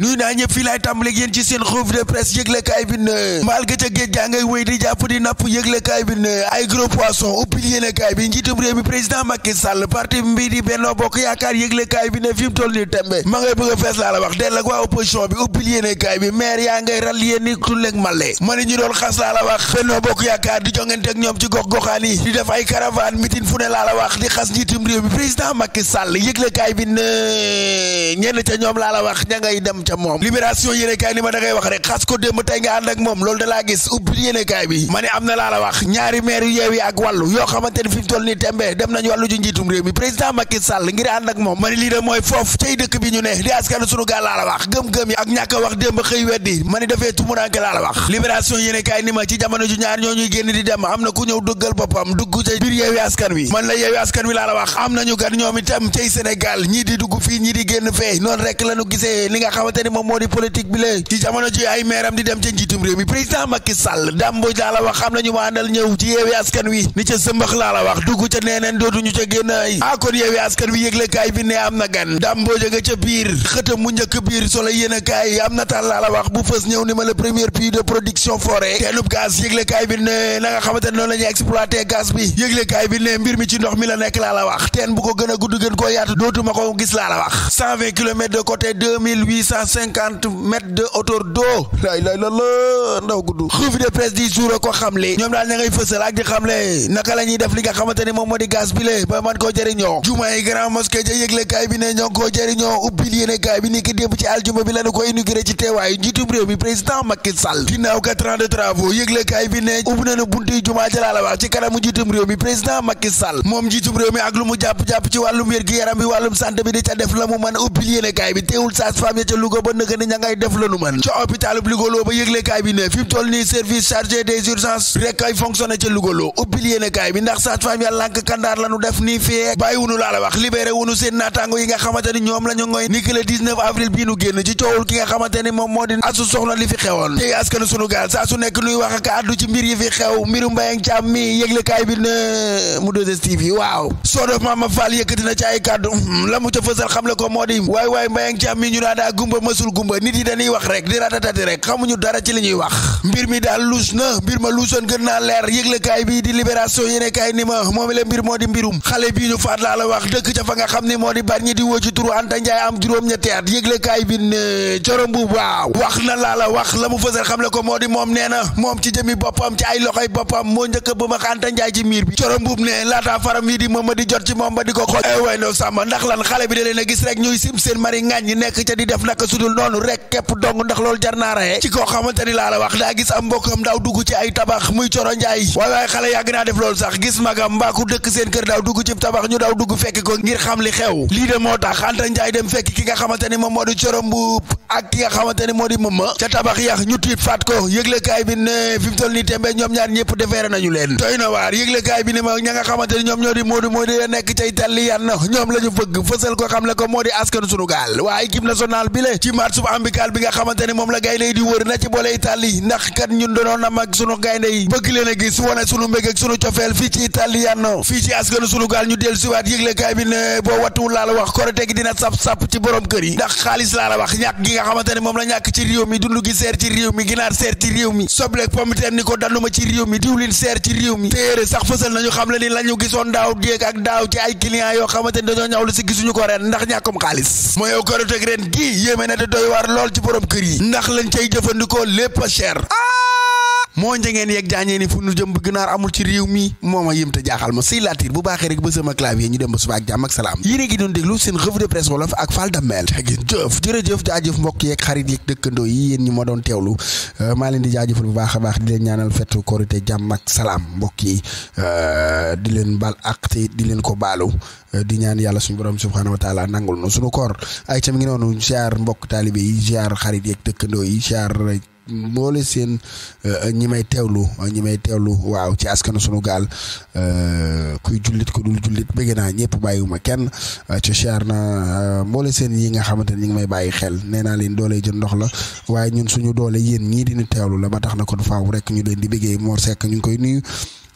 nuy naa ñëpp fii laay tàmbaleeg yéen ci seen revue de presse yëglekaay bi ne mbaal ga ca géej gaa ngay wéy di jàpp di napp yëglekaay bi ne ay gros poisson ubbil yéenekaay bi njiitum réew mi président Macky Sall parti bi mbii di Benno Bokk Yaakaar yëglekaay bi ne fi mu toll nii tembe ma ngay bëgg a fees laa la wax dell ak waa opposition bi ubbil yéenekaay bi maire yaa ngay ral yéen ni male ma ni ñu doon xas laa la wax Benno Bokk Yaakaar di jongante ñoom ci gox goxaan yi def ay caravane meeting fu ne laa la wax di xas njiitum réew mi président Macky Sall bi ne ñenn ca ñoom laa la wax ña ngay dem am ca moom libération yéene ni ma da wax rek xas ko démb tey nga ànd ak moom loolu da gis ubbi yéene bi ma ne am na laa la wax ñaari maire yu yi ak wàllu yoo xamante ni nii tembe dem nañ wàllu ju njiitum réew mi président Macky Sall ngir ànd ak moom ma ne lii de mooy foofu cay dëkk bi ñu ne di askanu sunu gaal laa la wax gëm-gëm yi ak ñàkk wax démb xëy weddi ma ne dafee tumuranke laa la wax libération yéene ni ma ci jamono xamante ni moom moo di politique bi lée ci jamono ji ay maire am di dem ca njiitum réew mi président Macky Sall dàmbuj laa la wax xam nañu ma àndal ñëw ci yeewi askan wi ni ca sëmbax laa la wax dugg ca neeneen dootuñu ca génn ay akon ah yeewi askan wi yëglekaay bi ne am na gan dàmbooj nga ca biir xëtam mu njëkk biir solo yéen kaay am na taal laa la wax bu fës ñëw ni ma le premier puits de production forêt teenub gaz yëglekaay bi ne na nga noonu la ñuy mi la nekk laa a gudd gën koo yaatu dootuma ko gis cent cinquante mètres de hauteur d'eau laay laay la ndaw gudd xuufi de presse di jour a ko xamle ñoom daal ña ngay fësal ak di xamle naka la def li nga xamante moom moo di gaz bi le ba man koo jëriñoo jumaa yi grand mosquée ja yëgle bi ne ñoo ngi koo ubbil yéene bi mi président Macky Sall ginnaaw quatre ans de travaux ne ubbi nañu buntu jumaa ja wax ci kanamu njiitum réew mi président Macky Sall moom njiitum réew mi ak lu mu jàpp-jàpp ci wàllum wér gi yaram bi wàllum santé bi di ca def la mu mën ubbil ko ba nëga ni ña ngay def lanu mën ca hôpital bu Louga ba yëglekaay bi ne fi toll nii service chargé des urgences rek ay fonctionné ca Louga ubbil yéenekaay bi ndax sage-femme ya lànk kandaar la def nii fii bàyyi wunu laa la wax libéré wunu seen naataango yi nga xamante ñoom la ñu ngoy avril bii nu génn ci coowul ki nga xamante moom moo di asu soxna li fi xewoon tey askanu sunu gaal saa su nekk nuy wax ak àddu ci mbir yi fi xew masul gumba nit yi dañuy wax rek di ratatati rek xamuñu dara ci li ñuy wax mbir mi daal luus na mbir ma luusoon gën naa leer yëglekaay bi di libération yéenekaay ni ma moom la mbir moo di mbirum xale bii ñu faat laa la wax dëkk ca fa nga xam ni moo di bar ñi di woo ci turu Anta Njaay am juróom-ñetti at yëglekaay bi ne corom bu waaw wax na laa la wax la mu fësal xam le ko moo di moom nee na moom ci jëmi boppam ci ay loxoy boppam moo njëkk ba ma Anta Njaay ci miir bi corom buub ne laataa faram yi di ma moom ba di ko xooj eh, way no sàmm ndax lan xale bi da leen a gis rek ñuy sim di def naka tudul noonu rek képp dong ndax loolu jar naa raye ci koo xamante ni laa la wax daa gis am mbokkam daaw dugg ci ay tabax muy coro njaay waay waay xale yàgg naa def loolu sax gis magam mbaa ku dëkk seen kër daaw dugg ci tabax ñu daaw dugg fekk ko ngir xam li xew lii de moo tax Anta Njaay dem fekk ki nga xamante ni moom moo di coro mbuub ak ki nga xamante ni moo di mëma ca tabax yax ñu tiit faat ko yëglekaay bi ne fi mu toll nii tembe ñoom ñaar ñëpp defeere nañu leen doy na waar yëglekaay bi ne ma ña nga ñoo di moodu moodu ya nekk la ñu bëgg fësal ko xam le ko moo di askan sunu gaal waa équipe ci match bu amical bi nga xamante moom la gaynde yi di wër na ci boole Italie ndax kat ñun donoon na mag sunu gaynde yi bëgg leen a gis wane sunu mbég sunu cofeel fii ci Italie yann fii ci askanu sunu gaal ñu dellu siwaat yëglekaay bi ne boo wattuwul laa la wax korite dina sap-sap ci borom kër yi ndax xaalis laa la wax ñàkk gi nga xamante ni moom la ñàkk ci réew mi dund gi seer ci réew mi ginaar seer ci réew mi soble pomiteem ni ko danduma ci réew xam le ni la ñu gisoon daaw jéeg ak daaw ko ren ndax ñàkkum xaalis mooy korite gi ne doy waar lool ci borom kër yi ndax lañ cay jëfandikoo lépp a cher ah! moo njëngeen yeeg jaañee ni fu nu jëm bu ginaar amul ci réew mi moom a yëm jaaxal ma si laatir bu baaxee rek ba sama clavier ñu dem ba suba ak jàmm ak salaam yéen de presse wolof ak Fall Damel jagéen jëf jërëjëf jaajëf mbokk yeeg xarit dëkkandoo yi yéen ñi ma doon teewlu euh, maa leen di jaajëfal bu a baax di leen ñaanal fetu korite jàmm ak salaam mbokk yi euh, di leen bal ak te di leen ko baalu euh, di ñaan yàlla suñu borom subhaanahu wa taala nangul nu suñu koor ay tam ngi noonu ziar mbokk taalibe yi ziar xarit yeeg dëkkandoo yi ziar mboole seen euh, ñi may teewlu ñi may teewlu waaw ci askanu sunu gaal euh, kuy jullit ku dul jullit bëgg naa ñëpp bàyyiwuma kenn euh, ci siyaar na mboole seen yi nga xamante ne ñi ngi may bàyyi xel nee naa leen doolee jën ndox la waaye ñun suñu doole yéen ñii di ñu teewlu la ba tax na kon faaw rek ñu leen di bëggee Mor Seck ñu ngi koy nuyu.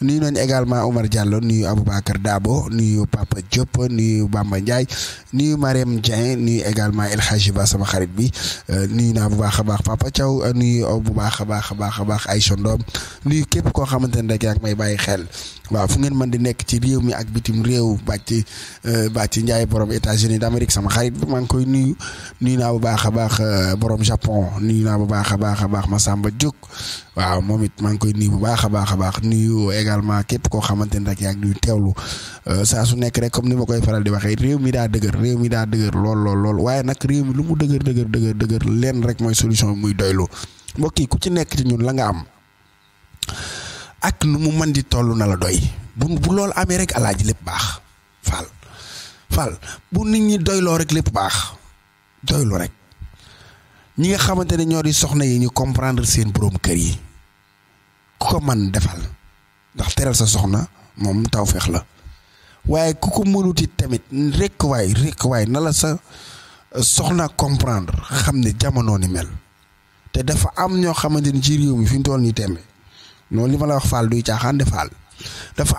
nuyu nañu également Omar Diallo nuyu Aboubacar Dabo nuyu Papa Diop nuyu Bamba Ndiaye nuyu Mariam Dieng nuyu également El Hadji Ba sama xarit bi euh, nuyu naa bu baax a baax Papa caw euh, nuyu bu baax a baax a baax a baax Aïcha Ndom nuyu képp koo xamante ne rek yaa may bàyyi xel waaw fu ngeen mën di nekk ci réew mi ak bitim réew bàcc euh, ci Ndiaye borom États-Unis d'Amérique sama xarit bi maa ngi koy nuyu nuyu naa bu baax a baax borom Japon nuyu naa bu baax a baax a baax Massamba Diop waaw moom it maa koy nii bu baax a baax a baax nuyu également képp koo xamante ne rek ak ngi ñuy teewlu euh, saa su nekk rek comme ni ma koy faral di waxee réew mi daa dëgër réew mi daa dëgër lool lool lool waaye nag réew mu dëgër dëgër dëgër dëgër leen rek mooy solution muy doylu mbokk yi ku ci nekk ci ñun la nga am ak nu mu di toll na la doy bu bu amee rek alaaji lépp baax faal faal bu nit ñi doyloo rek lépp baax doylu rek ñi nga xamante ne ñoo di soxna yi ñu comprendre seen borom kër yi. ko man defal ndax teral sa soxna moom tawfeex la waaye ku ko mënuti tamit rekk waay rekk waay na sa soxna comprendre xam ne jamono ni mel te dafa am ñoo xamante ni ci réew mi fi mu toll nii tembe noonu li ma la wax faal duy caaxaan de faal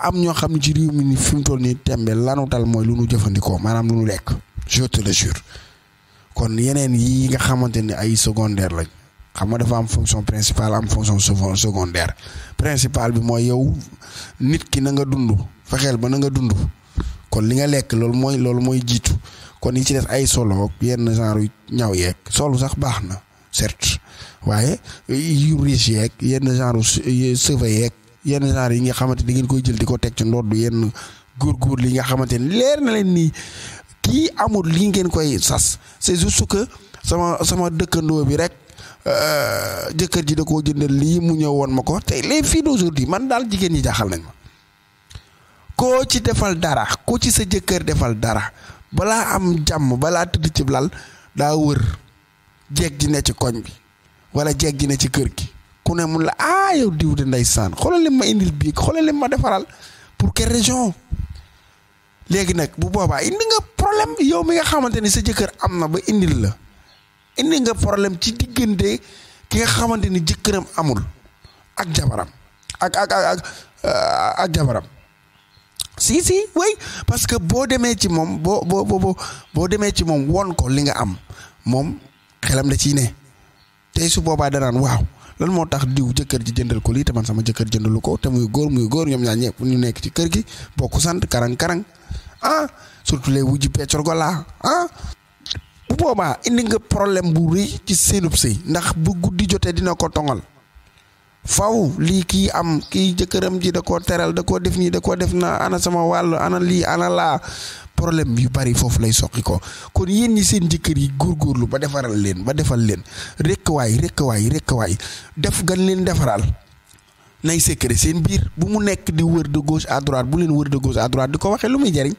am ñoo xam ne ci réew mi fi mu toll nii tembe lanu dal mooy lu nu jëfandikoo maanaam lu nu lekk je te le kon yeneen yi nga xamante ni ay secondaire lañ xam nga dafa am fonction principale am fonction secondaire principal bi mooy yow nit ki na nga dund fexeel ba na nga dund kon li nga lekk loolu mooy loolu mooy jiitu kon yi ci des ay solo yenn genre ñaw yeeg solo sax baax na certes waaye yu yenn genre sëfa yeeg yenn genre yi nga xamante ni ngeen koy jël di ko teg ci ndodd yenn góor-góor li nga xamante ni leer na leen nii kii amul li ngeen koy sas c'est juste sama sama dëkkandoo bi rek. Euh, jëkkër ji da koo jëndal lii mu ñëw woon ma ko tey les filles d'aujourd'hui man daal jigéen ñi jaaxal nañ ma ko ci defal dara ku ci sa jëkkër defal dara balaa am jàmm balaa tëdd ci lal daa wër jeeg ji ne ci koñ bi wala jeeg ji ne ci kër gi ku ne mun la ah yow diw ndey saan xoolal lim ma indil biig xoolal lim ma defaral pour quelle région léegi nag bu boobaa indi nga problème yow mi nga xamante ni sa jëkkër am na ba indil la indi nga problème ci diggante ki nga xamante ni jëkkëram amul ak jabaram ak ak ak ak euh, jabaram si si way parce que boo demee ci moom boo boo boo boo demee ci moom won ko li nga am moom xelam da ciy ne tey su boobaa danaan waaw lan moo tax diw jëkkër ji jëndal ko lii te man sama jëkkër jëndalu ko te muy góor muy góor ñoom ñaar ñëpp ñu nekk ci kër gi bokku sant karang karang ah surtout les wujji peccor go ah bu boobaa indi nga problème bu rëy ci seenub sëy ndax bu guddi jotee dina ko tongal faw lii kii am kii jëkkëram ji da koo teral da koo def nii da ko def naa ana sama wàll ana lii ana laa problème yu bari foofu lay soqikoo ko kon yéen ñi seen jëkkër yi góorgóorlu ba defaral leen ba defal leen rekk waay rekk waay rekk waay def gan leen defaral nay secret seen biir bu mu nekk di wër de gauche à bu leen wër de gauche à di ko waxee lu muy jariñ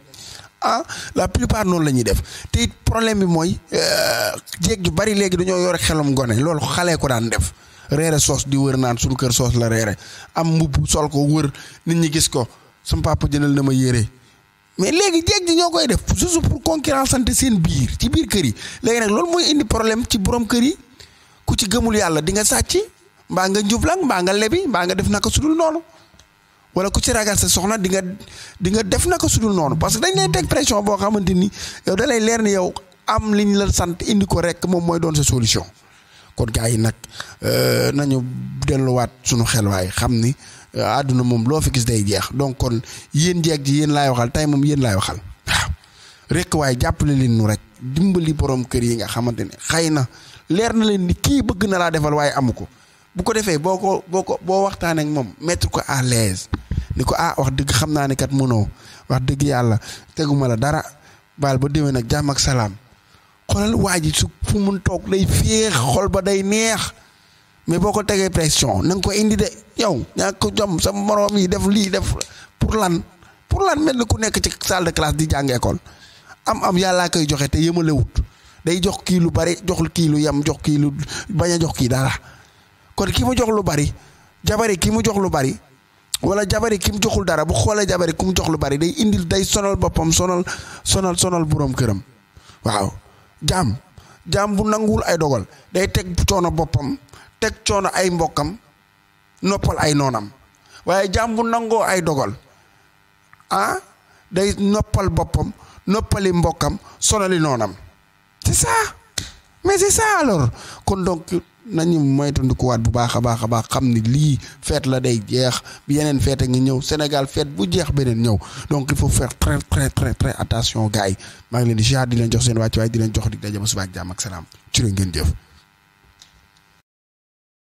ah la plu plupart noonu la ñuy def te it problème bi mooy euh, jéeg ju bari léegi dañoo yore xelum gone loolu xalee ko daan def reere soos di wër naan suñu kër soos la reere am mbubb sol ko wër nit ñi gis ko sama papa jëndal na ma yére mais léegi jéeg ji ñoo koy def juste pour concurrence santé seen biir ci biir kër yi léegi nag loolu mooy indi problème ci borom kër yi ku ci gëmul yàlla di nga sàcc mbaa nga njublang mbaa nga lebi mbaa nga def naka sudul noonu wala ku ci ragal sa soxna di nga di nga def naka sudul noonu parce que dañ lay teg pression boo xamante ni yow da leer ni yow am liñ la sant indi ko rek moom mooy doon sa solution kon gars yi nag euh, nañu delluwaat suñu xelwaay xam ni euh, àdduna moom loo fi gis day jeex donc kon yéen jeeg ji yéen laay waxal tey moom yéen laay waxal waaw rek waaye jàppale leen nu rek dimbali borom kër yi nga xamante ne xëy na leer na leen ni kii bëgg na laa defal waaye amu ko bu ko defee boo ko boo ko boo waxtaan ak moom mettre ko à l'aise ni ko ah wax dëgg xam naa ne kat mënoo wax dëgg yàlla teguma la dara baal ba déwén ak jàmm ak salaam xoolal waa ji su fu mun toog day féex xol ba day neex mais boo ko tegee pression na nga ko indi de yow ñaa ko jom sa moroom yi def lii def pour lan pour lan mel ni ku nekk ci salle de classe di jàng école am am yàllaa koy joxe te yëmalewut day jox kii lu bari jox kii lu yem jox kii lu bañ jox kii dara kon ki mu jox lu bari jabari ki mu jox lu bari wala jabari ki mu joxul dara bu xoolee jabari ki mu jox lu bari day indil day sonal boppam sonal sonal sonal boroom këram waaw jaam nanguwul ay dogal day teg coono boppam teg coono ay mbokkam noppal ay noonam waaye jaam bu nangoo ay dogal ah day noppal boppam noppali mbokkam sonali noonam c'est ça mais c'est ça alors kon donc nañu moytandikuwaat bu baax a baax a baax xam ni lii feet la day jeex yeneen feet a ngi ñëw Sénégal feet bu jeex beneen ñëw donc il faut faire très très très très attention gars yi maa ngi leen di jaar di leen jox seen wàcc waaye di leen jox di daje ba suba ak ak salaam ci ngeen jëf.